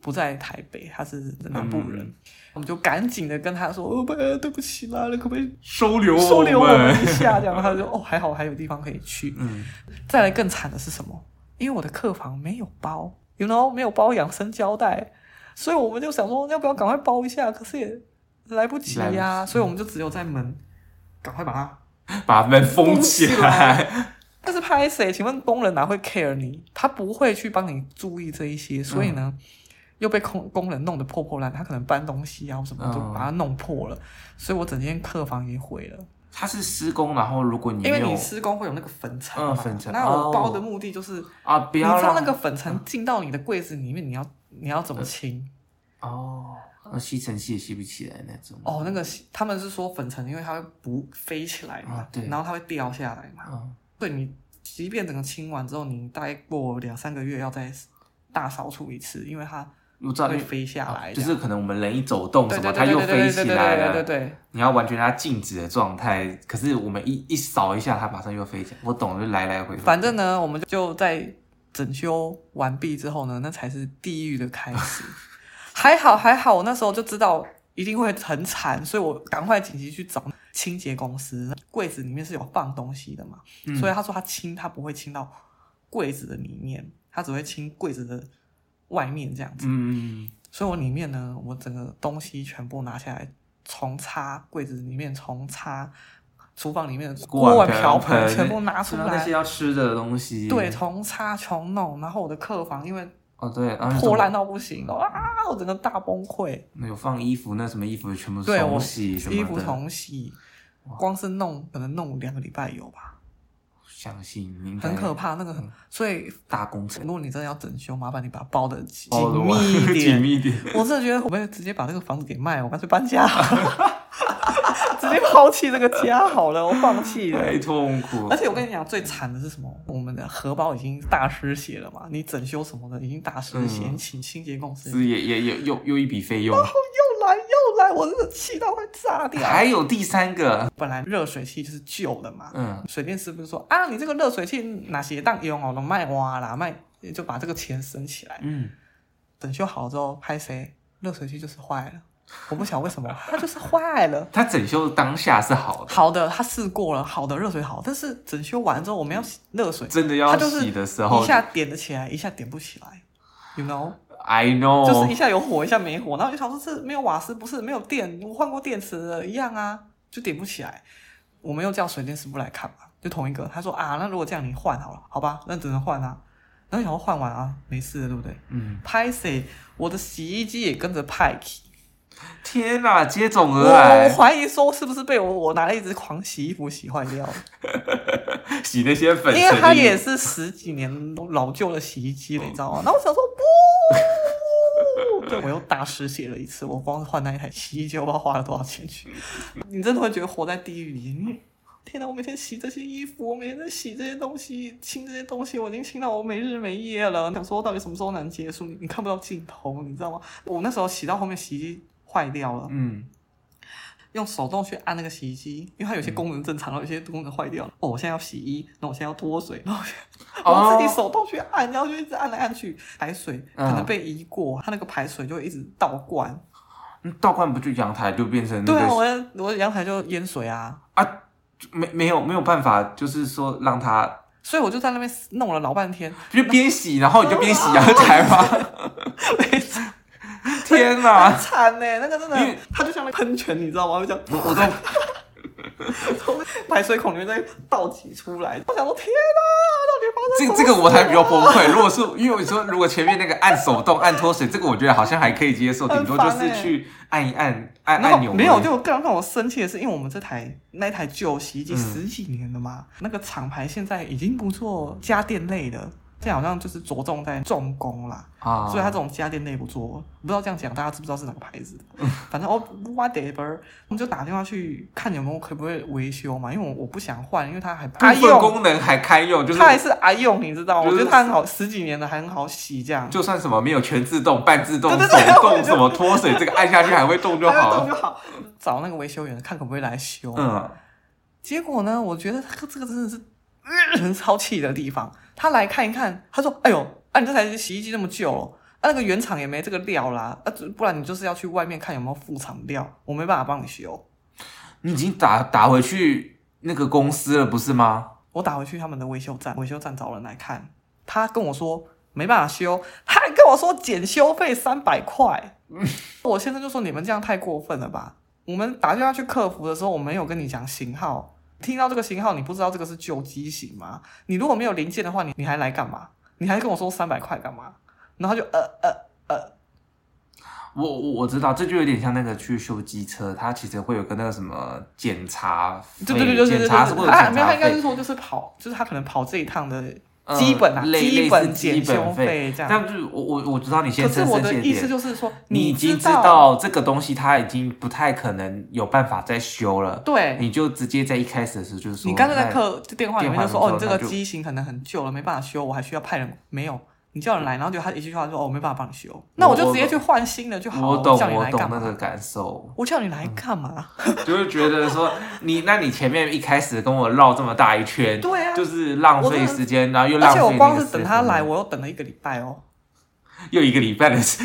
不在台北，他是南部人，嗯、我們就趕緊的跟他說：“呃，對不起啦，你可不可以收留收留我們一下？”這樣，他就說：“哦，還好，還有地方可以去。”嗯。再來更慘的是什麼？因為我的客房沒有包，you know，沒有包養生膠帶，所以我們就想說，要不要趕快包一下？可是也。來不及呀、啊，所以我們就只有在門，趕快把它把門封起來。 [LAUGHS] 但是拍謝，請問工人哪、啊、會 care 你？他不會去幫你注意這一些，嗯、所以呢，又被工工人弄得破破爛，他可能搬東西啊什麼，就把它弄破了、嗯，所以我整間客房也毀了。他是施工，然後如果你因為你施工會有那個粉塵，嗯，粉塵、哦。那我包的目的就是啊，不要讓你知道那個粉塵進到你的櫃子裡面。嗯、你要你要怎麼清？呃、哦。那、哦、吸塵器也吸不起來那種。哦，那個他們是說粉塵，因為它會不飛起來嘛、哦，對，然後它會掉下來嘛。啊、哦，對你，即便整個清完之後，你大概過兩三個月要再大掃除一次，因為它會飛下來、哎哦。就是可能我們人一走動，什麼，它又飛起來，對對對對，你要完全讓它靜止的狀態。可是我們一一掃一下，它馬上又飛起來。我懂了，就來來回回。反正呢，我們就在整修完畢之後呢，那才是地獄的開始。 [LAUGHS] 還好還好，我那時候就知道一定會很慘，所以我趕快緊急去找清潔公司。櫃子裡面是有放東西的嘛、嗯，所以他說他清，他不會清到櫃子的裡面，他只會清櫃子的外面這樣子。嗯，嗯，嗯。所以我裡面呢，我整個東西全部拿下來，重擦櫃子裡面，重擦廚房裡，裡面的鍋碗瓢盆，全部拿出來那些要吃的東西。對，重擦重弄。No, 然後我的客房，因為。哦、對，啊、破爛到不行，哇，我整個大崩潰。沒有放衣服，那什麼衣服全部重洗，對洗衣服重洗，光是弄可能弄兩個禮拜有吧？相信你很可怕，那個很，所以、嗯、大工程。如果你真的要整修，麻煩你把它包的緊密一點，緊密一點。我真的覺得，我們直接把這個房子給賣，我乾脆搬家。 [LAUGHS] [LAUGHS] [LAUGHS] 直接拋棄這個家好了，我放棄了。太痛苦。而且我跟你講，最慘的是什麼？我們的荷包已經大失血了嘛。你整修什麼的，已經大失了閒情。嗯、請清潔公司是也也也又又一筆費用。然後，哦，又來又來，我真的氣到快炸掉。還有第三個，本來熱水器就是舊的嘛。嗯。水電師傅說啊，你這個熱水器拿些當用我都賣完了，賣就把這個錢省起來。嗯。整修好之後，拍謝？熱水器就是壞了。 [LAUGHS] 我不曉得為什麼，它就是壞了。它整修當下是好的，好的，他試過了，好的熱水好。但是整修完之後，我們要洗熱水，嗯，真的要洗的時候，一下點得起來，一下點不起來 You know? I know，就是一下有火，一下沒火。然後就想說，是沒有瓦斯，不是沒有電，我換過電池的一樣啊，就點不起來。我們又叫水電師傅來看嘛，就同一個。他說啊，那如果這樣，你換好了，好吧，那只能換啊。然後想要換完啊，沒事的，對不對？嗯歹勢，我的洗衣機也跟着歹去天哪，接踵而來！我懷疑說是不是被我我拿了一直狂洗衣服洗壞掉了？ [LAUGHS] 洗那些粉。因為它也是十幾年老舊的洗衣機了，你、哦、知道嗎？那我想說不， [LAUGHS] 對我又大失血了一次。我光換那一台洗衣機我不知道花了多少錢去？ [LAUGHS] 你真的會覺得活在地獄裡？天哪，我每天洗這些衣服，我每天在洗這些東西、清這些東西，我已經清到我沒日沒夜了。想說到底什麼時候能結束？你看不到盡頭，你知道嗎？我那時候洗到後面洗衣。衣。壞掉了，嗯，用手動去按那個洗衣機，因為它有些功能正常，然、嗯、有些功能壞掉了。哦，我現在要洗衣，然後我現在要脫水，然後我、哦、然後自己手動去按，然後就一直按來按去，排水可能被移過，嗯、它那個排水就會一直倒灌，嗯、倒灌不就陽台就變成、那個、對啊，我我陽台就淹水啊啊，沒沒有沒有辦法，就是說讓它，所以我就在那邊弄了老半天，就邊洗，然後你就邊洗陽、哦、台嘛。哦 [LAUGHS] [LAUGHS] 天吶、啊，很慘呢，那個真的，因為，它就像個噴泉，你知道嗎？我這樣，從 [LAUGHS] 排水孔裡面再倒擠出來。我想說，天吶、啊，到底發生什麼、啊、這這個我才比較崩潰。如果是因為你說，如果前面那個按手動按脫水，這個我覺得好像還可以接受，頂多就是去按一按按按鈕。沒有，就更讓我生氣的是，因為我們這台那台舊洗衣機十幾年了嘛、嗯，那個廠牌現在已經不做家電類的。現在好像就是着重在重工啦、啊，所以它這種家電內部做，不知道這樣講大家知不知道是哪個牌子 [LAUGHS] 反正哦、oh, whatever，我們就打電話去看有沒有可不可以維修嘛，因為我我不想換，因為它還部分功能還堪用，就是它還是愛用，你知道，就是、我覺得它很好十幾年的還很好洗，這樣就算什麼沒有全自動、半自動、手 [LAUGHS] 動，什麼脫水，這個按下去還會動就好,了 [LAUGHS] 動就好，找那個維修員看可不可以來修、嗯。結果呢，我覺得這個真的是很、呃、超氣的地方。他來看一看，他說：“哎呦，啊你這台洗衣機那麼舊，啊、那個原廠也沒這個料啦，啊不然你就是要去外面看有沒有副廠料，我沒辦法幫你修。”你已經打打回去那個公司了，不是嗎？我打回去他們的維修站，維修站找人來看，他跟我說沒辦法修，他還跟我說檢修費三百塊。 [LAUGHS] 我現在就說你們這樣太過分了吧？我們打電話去客服的時候，我沒有跟你講型號。聽到這個型號，你不知道這個是舊機型嗎？你如果沒有零件的話，你你還來幹嘛？你還跟我說三百塊幹嘛？然後就呃呃呃，我我我知道，這就有點像那個去修機車，他其實會有個那個什麼檢查費，檢查什麼的，他應該是說就是跑，就是他可能跑這一趟的。基本啊，基本檢修費，這樣，但就是我我我知道你先生，可是我的意思就是說，你已經知道，知道這個東西它已經不太可能有辦法再修了，對，你就直接在一開始的時候就是說，你剛才在客電話裡面就說，哦，你這個機型可能很舊了，沒辦法修，我還需要派人，沒有。你叫人來，然後就他一句話說：“哦，我沒辦法幫你修，那我就直接去換新的就好了。我”我懂我，我懂那個感受。我叫你來幹嘛？ [LAUGHS] 就是覺得說你，那你前面一開始跟我繞這麼大一圈，對啊，就是浪費時間，然後又浪費時間。而且我光是等他來，我又等了一個禮拜哦。又一個禮拜的事，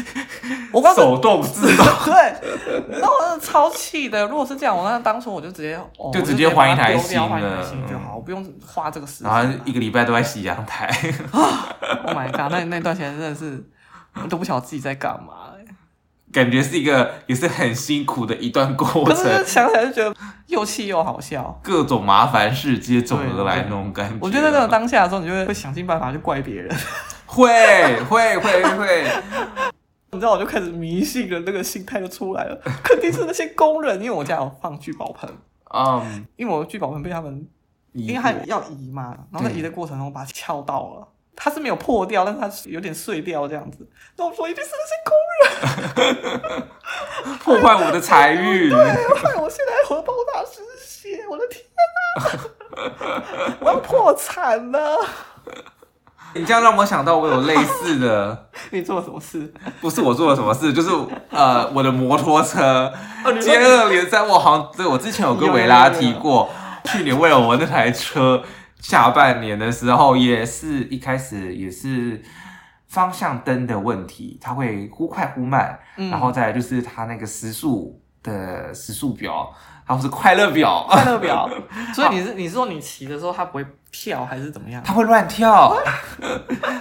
手動自動對，那我真的超氣的。如果是這樣，我那當初我就直接、哦、就直接換一台新的就,就好，我不用花這個時間。然後一個禮拜都在洗陽台。 [LAUGHS] Oh my god！那那段時間真的是我都不曉得自己在幹嘛、欸、感覺是一個也是很辛苦的一段過程。可是就是想起來就覺得又氣又好笑，各種麻煩事接踵而來那種感覺。我,我覺得那種當下的時候，你就會想盡辦法去怪別人。會會會會，會會會 [LAUGHS] 你知道我就開始迷信的那個心態就出來了。肯定是那些工人，因為我家有放聚寶盆啊，um, 因為我聚寶盆被他們因為他要移嘛移，然後在移的過程中我把它撬到了，它是沒有破掉，但是它是有點碎掉這樣子，那我說一定是那些工人 [LAUGHS] 破壞我的財運，破 [LAUGHS] 壞我現在荷包大失血，我的天哪，我 [LAUGHS] 要 [LAUGHS] [LAUGHS] 破產了。你這樣讓我想到，我有類似的 [LAUGHS] 。你做了什麼事？ [LAUGHS] 不是我做了什麼事，就是呃，我的摩托車接、哦、二連三。我好像，對，我之前有跟維拉提過，去年為了我那台車， [LAUGHS] 下半年的時候也是一開始也是方向燈的問題，它會忽快忽慢、嗯。然後再來就是它那個時速的時速表，然後是快樂表，嗯、 [LAUGHS] 快樂表。所以你是你是說你騎的時候它不會跳還是怎麼樣？他會亂跳。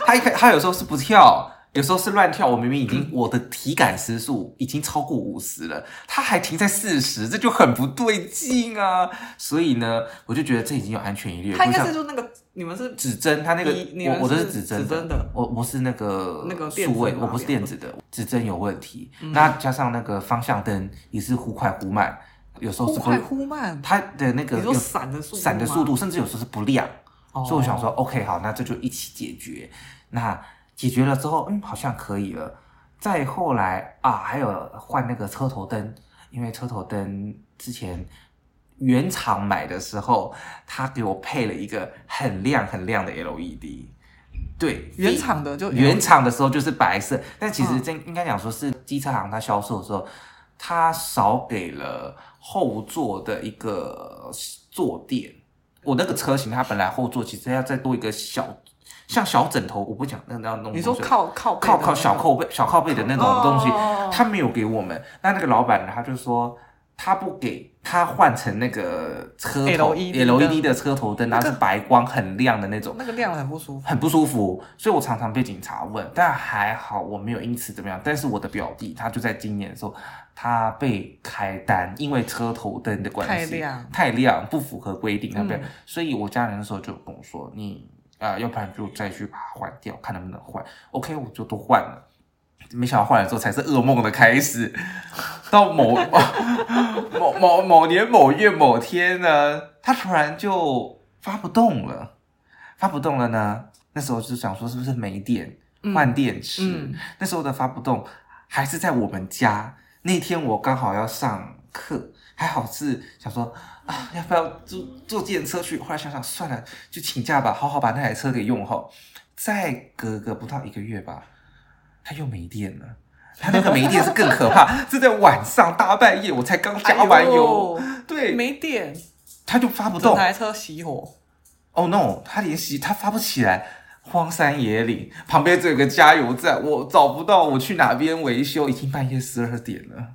他 [LAUGHS] 一開它有時候是不跳，有時候是亂跳。我明明已經、嗯、我的體感時速已經超過五十了，他還停在四十，這就很不對勁啊！所以呢，我就覺得這已經有安全疑慮。他應該是說那個、那個、你們是指針，他那個我我的是指針的，的，我我是那個數那個數位，我不是電子的指針有問題、嗯。那加上那個方向燈也是忽快忽慢。有時候是會忽，忽慢，它的那個有閃，的閃的速度，甚至有時候是不亮，哦、所以我想說，OK，好，那這就一起解決。那解決了之後，嗯，好像可以了。再後來啊，還有換那個車頭燈，因為車頭燈之前原廠買的時候，他給我配了一個很亮很亮的 LED。對，原廠的就、LED、原廠的時候就是白色，但其實真、哦、應該講說是機車行他銷售的時候。他少給了後座的一個坐墊，我那個車型，他本來後座其實要再多一個小，像小枕頭，我不講那那那種東西。你說靠靠背靠靠，靠，小，靠小靠背小靠背的那種東西、哦，他沒有給我們。那那個老闆呢，他就說他不給他換成那個車頭 LED, LED 的車頭燈，它、那個、是白光很亮的那種，那個亮很不舒服，很不舒服。所以我常常被警察問，但還好我沒有因此怎麼樣。但是我的表弟他就在今年的時候。他被開單，因為車頭燈的關係太亮，太亮不符合規定那邊，對不對？所以我家人的時候就跟我說：“你啊，要不然就再去把它換掉，看能不能換。” OK，我就都換了。沒想到換了之後才是噩夢的開始。到某某 [LAUGHS] 某某，某年某月某天呢，他突然就發不動了，發不動了呢？那時候就想說是不是沒電，換、嗯、電池、嗯嗯。那時候的發不動還是在我們家。那天我剛好要上課，還好是想說啊，要不要坐坐電車去？後來想想算了，就請假吧，好好把那台車給用好。再隔個不到一個月吧，它又沒電了。它那個沒電是更可怕， [LAUGHS] 是在晚上大半夜，我才剛加完油、哎，對，沒電，它就發不動，那台車熄火。Oh no，它連熄，它發不起來。荒山野嶺，旁邊這有個加油站，我找不到，我去哪邊維修？已經半夜十二點了。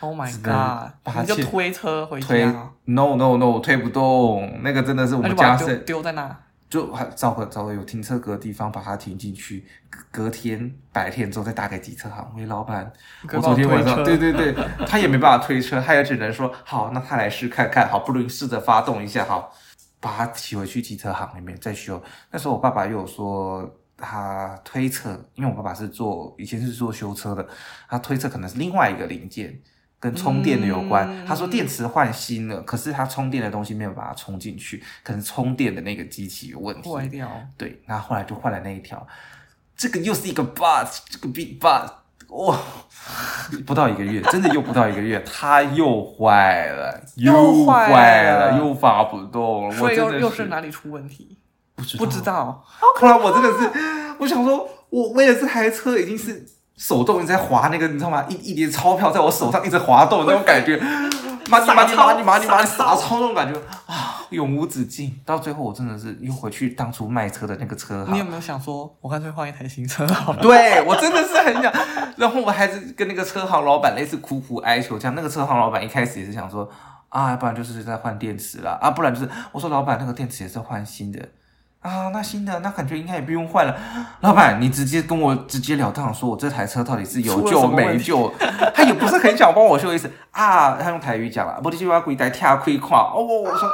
Oh my god！把你就推車回去、啊。推啊 No no no！我推不動，那個真的是我們家是丟在那，就找個找個，照個有停車格的地方把它停進去。隔天白天之後再再打給機車行。我說老闆，我昨天晚上對對對，他也沒辦法推車， [LAUGHS] 他也只能說好，那他來試看看，好不容易試着發動一下好。把它騎回去汽車行裡面再修。那時候我爸爸又有說，他推測，因為我爸爸是做以前是做修車的，他推測可能是另外一個零件跟充電的有關。嗯、他說電池換新了，嗯，可是他充電的東西沒有把它充進去，可能充電的那個機器有問題。壞掉。對，那後來就換了那一條，這個又是一個 bug，這個 big bug。哇、哦，不到一個月，真的又不到一個月，它 [LAUGHS] 又，又壞了，又壞了，又發不動了，了，我真的是，又是哪裡出問題？不知道，不知道。後、啊、來我真的是，我想說，我為了這台車，已經是手動一直在滑那個，你知道嗎？一一疊鈔票在我手上一直滑動那種感覺， [LAUGHS] 媽你媽你媽你媽你媽你傻 [LAUGHS] 操，撒操那種感覺啊！永無止境，到最後我真的是又回去當初賣車的那個車行。你有沒有想說，我乾脆換一台新車好了？對，我真的是很想， [LAUGHS] 然後我還是跟那個車行老板類似苦苦哀求，這樣那個車行老板一開始也是想說，啊，不然就是在換電池了，啊，不然就是我說老板那個電池也是換新的。啊，那新的那感覺應該也不用換了。老闆，你直接跟我直截了當說，我這台車到底是有救沒救？他也不是很想幫我修的意思啊，他用台語講了，玻璃基板骨一帶跳虧垮。哦，我我說，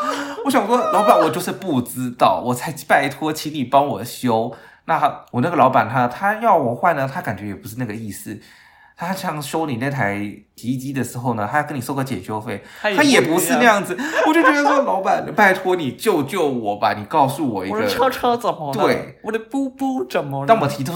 我想說，老闆，我就是不知道，我才拜託，請你幫我修。那我那個老闆他他要我換呢，他感覺也不是那個意思。他像修你那台洗衣機的時候呢，他要跟你收個解救費，他也不是那樣子，我就覺得說老，老闆，拜托你救救我吧，你告訴我一個，我的車車怎麼了？對，我的布布怎麼了？但我提出，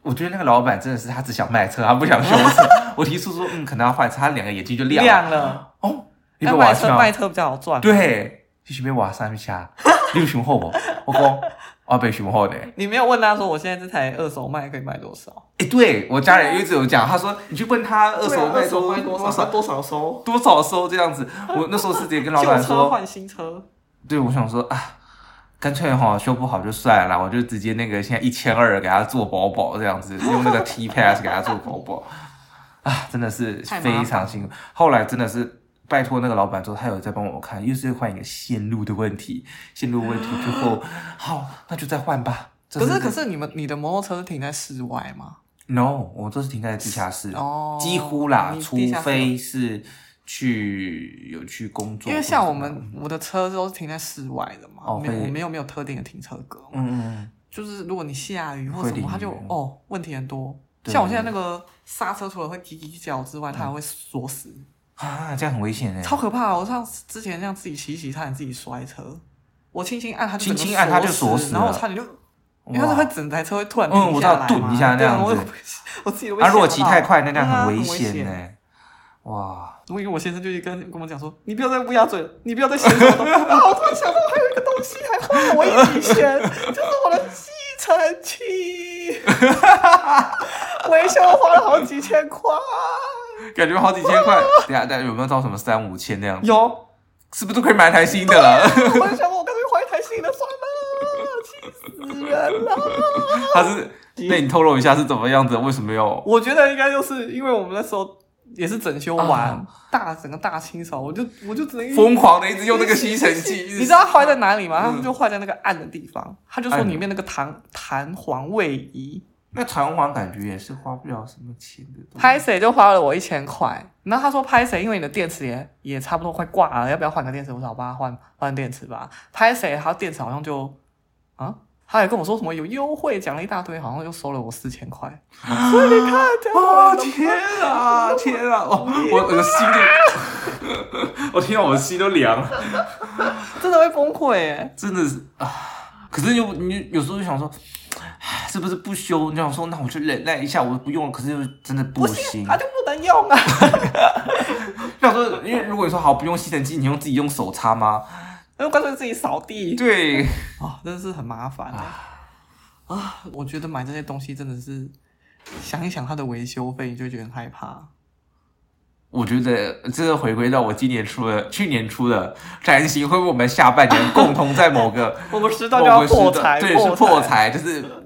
我覺得那個老闆真的是他只想賣車，他不想修車。 [LAUGHS] 我提出說，嗯，可能要換車，他兩個眼睛就亮亮了。 [LAUGHS] 哦，那賣車賣車比較好賺。對，就隨便挖三下，六雄厚不？我講，我被雄厚的。你沒有問他說，我現在這台二手賣可以賣多少？欸、對，我家人一直有講，他說，你去問他二手賣多少多少，多少收多少收這樣子。我那時候是直接跟老板說，換新車。對，我想說啊，乾脆哈、喔、修不好就算了，我就直接那個現在一千二給他做寶寶這樣子，用那個 T-Pass 給他做寶寶 [LAUGHS] 啊，真的是非常辛苦。後來真的是拜托那個老板之後，他有在幫我看，又是換一個線路的問題，線路問題之後， [LAUGHS] 好，那就再換吧。可是可是你們你的摩托車停在室外嗎？No，我這是停在地下室，哦、幾乎啦，除非是去有去工作。因為像我們、嗯、我的車都是停在室外的嘛，沒、哦、沒有沒有，沒有特定的停車格。嗯嗯，就是如果你下雨或什麼，它就哦問題很多，對。像我現在那個剎車，除了會踢腳之外，嗯，它還會鎖死。啊，這樣很危險耶。超可怕！我像之前這樣自己騎騎差點自己摔車。我輕輕按它，輕輕按它就鎖死，死，然後我差點就。因為它整台車會突然嗯，我要蹲一下那樣子我，我自己的。它如果騎太快，那這樣很危險呢、欸啊。哇！我因為我先生就一跟跟我講說，你不要再烏鴉嘴，你不要再閒、 [LAUGHS] 啊。我突然想到，我還有一個東西還花了我一筆錢， [LAUGHS] 就是我的吸塵器，維 [LAUGHS] 修花了好幾千塊， [LAUGHS] 感覺好幾千塊。對啊，但有沒有到什麼三五千那樣子？有，是不是都可以買台新的了？我就想，我乾脆換一台新的算了。死人了！他是被你透露一下是怎麼樣子？為什麼要？我覺得應該就是因為我們那時候也是整修完，啊、大整個大清掃，我就我就只能瘋狂的一直用那個吸塵器。你知道它壞在哪裡嗎？它、嗯、們就壞在那個暗的地方？他就說裡面那個彈彈簧位移。那彈簧感覺也是花不了什麼錢的東西。拍謝就花了我一千塊。然後他說拍謝，因為你的電池也也差不多快掛了，要不要換個電池？我說好吧，換換電池吧。拍謝，他電池好像就啊。嗯他還跟我說什麼有優惠，講了一大堆，好像又收了我四千塊。所以你看，我 [LAUGHS] 天啊，天啊，我我我的心，我我，心都 [LAUGHS] 我，聽到，我的心都涼了，真，真的會崩潰，真的是啊。可是又你，你有時候就想說，是不是不修？你想說，那我去忍耐一下，我不用了。可是又真的不，不行，那、啊、就不能用啊。想 [LAUGHS] [LAUGHS] 說，因為如果你說好不用吸塵器，你用自己用手擦嗎？還要乾脆自己掃地，對啊、哦，真的是很麻煩啊，啊！我覺得買這些東西真的是，想一想它的維修費就會覺得很害怕。我覺得這個回歸到我今年出的、去年出的擔心，會不會我們下半年共同在某個 [LAUGHS] 我們遲早就要破財，破財對，是破財，就是。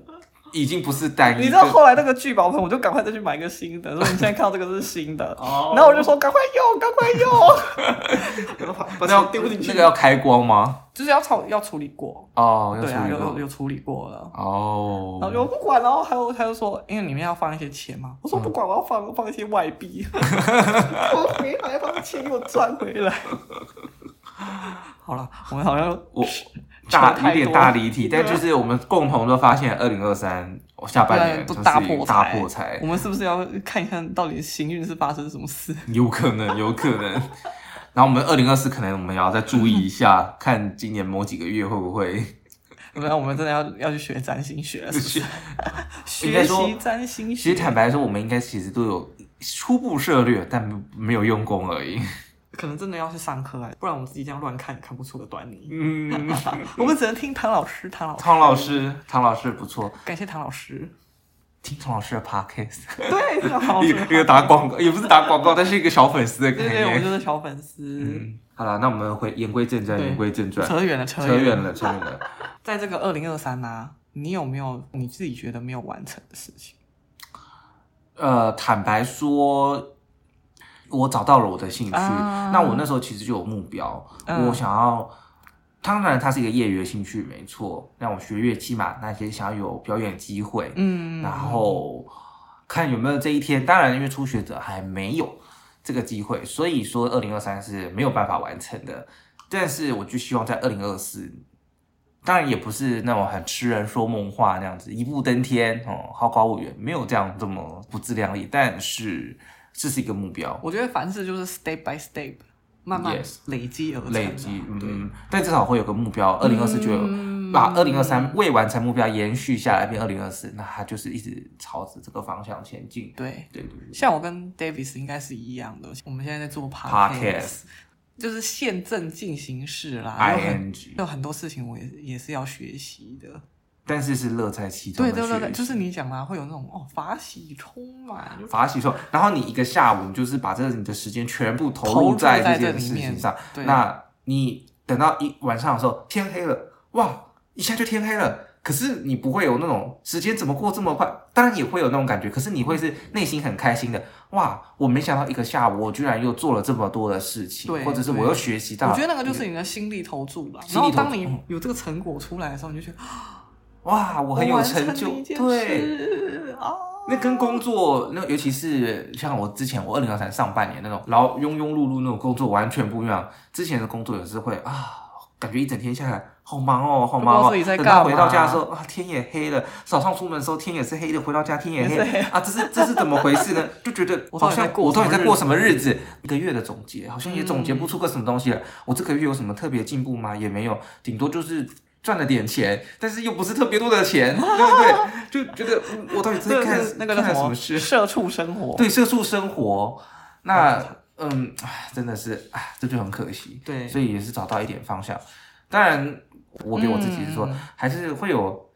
已經不是單一。你知道後來那個聚寶盆，我就趕快再去買一個新的。 [LAUGHS] 說你現在看到這個是新的，oh. 然後我就說趕快用，趕快用，把 [LAUGHS] [LAUGHS] 要丟進去。那個要開光嗎？就是要要，要處理過哦、oh, 啊。對啊，啊有有處理過了。哦、oh.。然後我就不管，然後還有還有說，因為裡面要放一些錢嘛。我說不管，嗯、我要放放一些外幣， [LAUGHS] [LAUGHS] [LAUGHS] 我回來把錢給我賺回來。 [LAUGHS] 好了，我們好像我。大有點大離題，但就是我們共同都發現，二零二三下半年就是破，大破財。我們是不是要看一看到底幸運是發生什麼事？有可能，有可能。然後我們二零二四可能我們也要再注意一下， [LAUGHS] 看今年某幾個月會不會？不然我們真的要要去學占星學是是學習 [LAUGHS] 占星學,學。其實坦白說，我們應該其實都有初步涉獵，但沒有用功而已。可能真的要去上課啊、欸，不然我們自己這樣亂看也看不出個端倪。嗯、 [LAUGHS] 我們只能聽唐老師，唐老師唐老師，唐老師不錯，感謝唐老師。聽唐老師的 podcast， [LAUGHS] 對的，唐老一個 [LAUGHS] 打廣告， [LAUGHS] 也不是打廣告， [LAUGHS] 但是一個小粉絲的感覺。對，對對，我們就是小粉絲、嗯。好了，那我們回言歸正傳，言歸正傳，扯遠了，扯遠了，扯遠了。了 [LAUGHS] 在這個二零二三呢，你有沒有你自己覺得沒有完成的事情？呃，坦白說。我找到了我的興趣、啊，那我那時候其實就有目標，嗯、我想要，當然它是一個業餘興趣，沒錯。那我學樂器嘛，那些想要有表演機會，嗯，然後看有沒有這一天。當然，因為初學者還沒有這個機會，所以說二零二三是沒有辦法完成的。但是我就希望在二零二四，當然也不是那種很痴人說夢話那樣子一步登天哦、嗯，好高騖遠，沒有這樣這麼不自量力，但是。這是一個目標。我覺得凡事就是 step by step，慢慢累積而、啊 yes. 累積嗯對。嗯，但至少會有個目標。二零二四就有。把二零二三未完成目標延續下來，變二零二四，那它就是一直朝着這個方向前進。對對，對對，像我跟 Davis 應該是一樣的。我們現在在做 podcast，podcast. 就是現正進行式啦。I N G，還有很多事情我也也是要學習的。但是是樂在其中，對對對，就是你講嘛，會有那種哦，法喜充滿，法喜充，然後你一個下午，你就是把這你的時間全部投入在這件事情上，對，那你等到一晚上的時候，天黑了，哇，一下就天黑了。可是你不會有那種時間怎麼過這麼快，當然也會有那種感覺，可是你會是內心很開心的，哇，我沒想到一個下午，我居然又做了這麼多的事情，對，對或者是我又學習到了，我覺得那個就是你的心力投注吧投注。然後當你有這個成果出來的時候，你就覺得。哇，我很有成就，成對、啊，那跟工作，那尤其是像我之前，我二零二三上半年那種然後庸庸碌碌那種工作完全不一樣。之前的工作也是會啊，感覺一整天下來好忙哦，好忙、哦。自己在告等到回到家的時候啊，啊，天也黑了。早上出門的時候天也是黑的，回到家天也黑啊，這是這是怎麼回事呢？ [LAUGHS] 就覺得好像我到，過我到底在過什麼日子？日子一個月的總結好像也總結不出個什麼東西來、嗯。我這個月有什麼特別的進步嗎？也沒有，頂多就是。賺了點錢，但是又不是特別多的錢，對 [LAUGHS] 不對？就覺得我到底在看 [LAUGHS] 那個什麼事？社畜生活？對，社畜生活。嗯那嗯，真的是啊，這就很可惜。對，所以也是找到一點方向。當然，我給我自己說、嗯，還是會有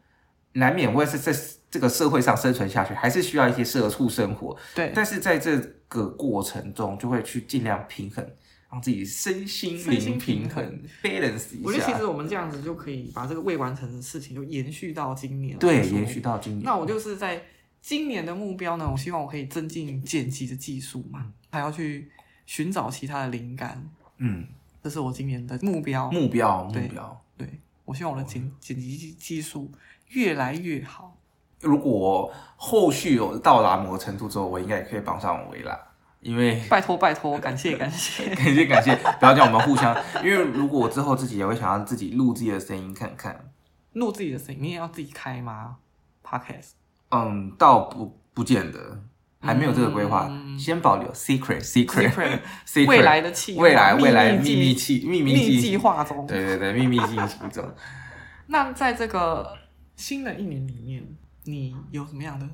難免，我也是在這個社會上生存下去，還是需要一些社畜生活。對，但是在這個過程中，就會去盡量平衡。讓自己身心平衡，balance 一下。我覺得其實我們這樣子就可以把這個未完成的事情就延續到今年。對，延續到今年。那我就是在今年的目標呢，我希望我可以增進剪輯的技術嘛，嗯、還要去尋找其他的靈感。嗯，這是我今年的目標。目標，目標。對，我希望我的剪剪輯技術越來越好。如果後續有到達某個程度之後，我應該也可以幫上我 Vera。因為拜託拜託，感謝感謝 [LAUGHS] 感謝感謝，不要叫我們互相， [LAUGHS] 因為如果我之後自己也會想要自己錄自己的聲音看看，錄自己的聲音，你也要自己開嗎？Podcast？嗯，倒不不見得，還沒有這個規劃，嗯，先保留 secret secret secret 未來的氣未來未來，未來秘，密祕密氣祕密計劃中，對對對，秘密進行中。 [LAUGHS] 那在這個新的一年裡面，你有什麼樣的？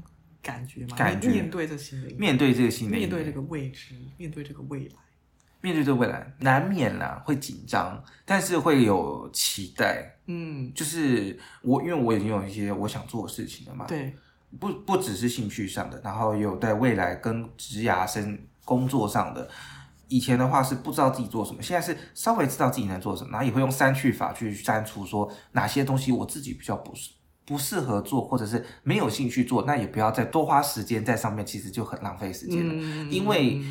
感覺嘛，你面對這心的，面對這個心理，面對這個未知，面對這個未來，面對這個未來、嗯，難免啦會緊張，但是會有期待。嗯，就是我因為我已經有一些我想做的事情了嘛，對，不不只是興趣上的，然後有在未來跟職涯生工作上的。以前的話是不知道自己做什麼，現在是稍微知道自己能做什麼，然後也會用刪去法去刪除說哪些東西我自己比較不適。不適合做，或者是沒有興趣做，那也不要再多花時間在上面，其實就很浪費時間了。嗯、因為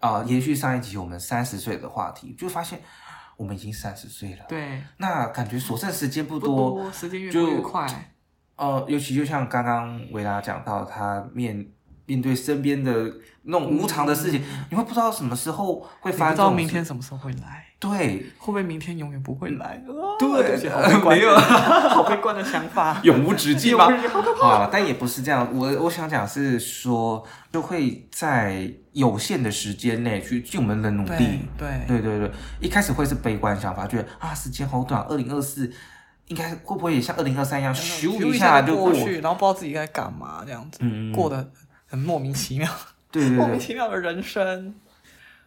啊、呃，延續上一集我們三十歲的話題，就發現我們已經三十歲了。對，那感覺所剩時間不多，不多時間越多越快。呃，尤其就像剛剛維拉講到，他面。面對身邊的那種無常的事情，嗯、你會不知道什麼時候會發生，不知道明天什麼時候會來，對，會不會明天永遠不會來？啊、對，對，沒有， [LAUGHS] 好悲觀的想法，永無止境吧啊， [LAUGHS] 但也不是這樣，我我想講是說，就會在有限的時間內去盡我們的努力，對，對，對對對，一開始會是悲觀想法，覺得啊時間好短，二零二四應該會不會也像二零二三一樣咻一下就過去，然後不知道自己該幹嘛這樣子，嗯、過得。很莫名其妙，對， [LAUGHS] 莫名其妙的人生，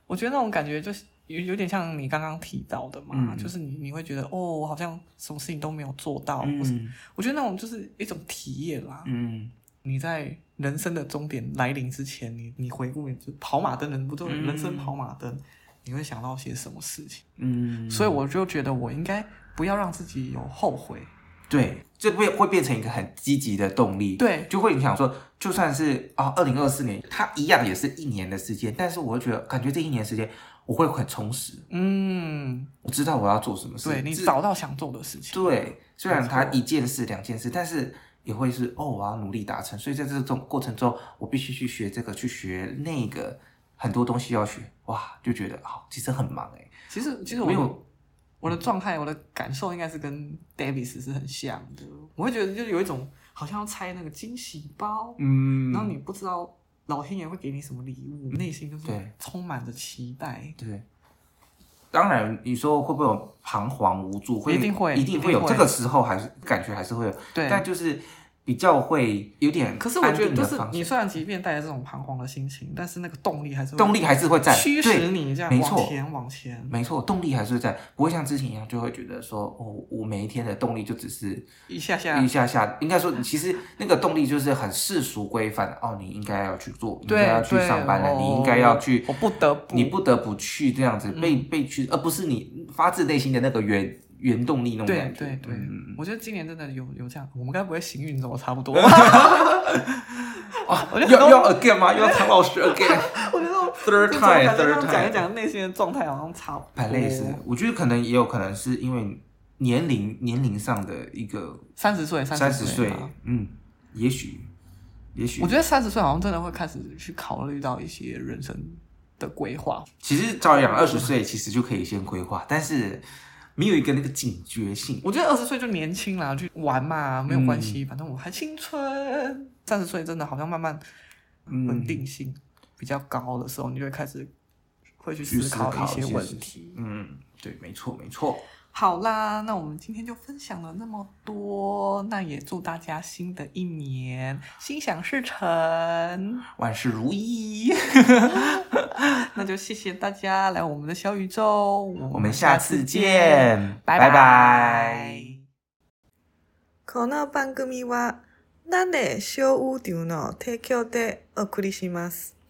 我覺得那種感覺就是有有點像你剛剛提到的嘛，嗯、就是你你會覺得哦，好像什麼事情都沒有做到。嗯不是，我覺得那種就是一種體驗啦，嗯，你在人生的終點來臨之前，你你回顧，你就跑馬燈忍不住人生跑馬燈，你會想到些什麼事情？嗯，所以我就覺得我應該不要讓自己有後悔。對，這變會變成一個很積極的動力，對，就會影響說，就算是啊，二零二四年，它一樣也是一年的時間，但是我會覺得感覺這一年時間我會很充實，嗯，我知道我要做什麼事情，對，你找到想做的事情，對、啊，雖然它一件事兩件事，但是也會是哦，我要努力達成，所以在這種過程中，我必須去學這個，去學那個，很多東西要學，哇，就覺得好、哦，其實很忙誒、欸。其實其實我沒有。我的狀態，我的感受應該是跟 Davis 是很像的。我會覺得，就是有一種好像要拆那個驚喜包，嗯，然後你不知道老天爺會給你什麼禮物，嗯、內心就是充滿着期待對。對，當然你說會不會有彷徨無助會，會，一定會，一定會有。這個時候還是、嗯、感覺還是會有，對，但就是。比較會有點，可是我覺得就是你雖然即便帶着這種彷徨的心情，但是那個動力還是會動力還是會在驅使你這樣往前往前。沒錯，動力還是會在，不會像之前一樣就會覺得說哦，我每一天的動力就只是一下下一下下。應該說，其實那個動力就是很世俗規範哦，你應該要去做，你應該要去上班了，你應該要去我，我不得不，你不得不去這樣子被、嗯、被去，而不是你發自內心的那個源。原動力弄種對對對、嗯，我覺得今年真的有有這樣，我們該不會行運走差、， [LAUGHS] [LAUGHS] 啊 no, 啊、I mean, [LAUGHS] 差不多，要要 again 嗎？要蒼老師 again 我覺得 third time，third time 講一講內心的狀態，好像差不類似。我覺得可能也有可能是因為年齡年齡上的一個三十歲，三十歲，嗯，也許也許，我覺得三十歲好像真的會開始去考慮到一些人生的規劃。其實照樣二十歲其實就可以先規劃，但是。沒有一個那個警覺性，我覺得二十歲就年輕啦，去玩嘛，沒有關係，嗯、反正我還青春。三十歲真的好像慢慢穩定性比較高的時候，你就會開始會去思考一些問題。嗯，對，沒錯，沒錯。好啦，那我們今天就分享了那麼多，那也祝大家新的一年心想事成，萬事如意。 [LAUGHS] [LAUGHS] 那就謝謝大家來我們的小宇宙，我們下次見，我們下次見，拜拜。小屋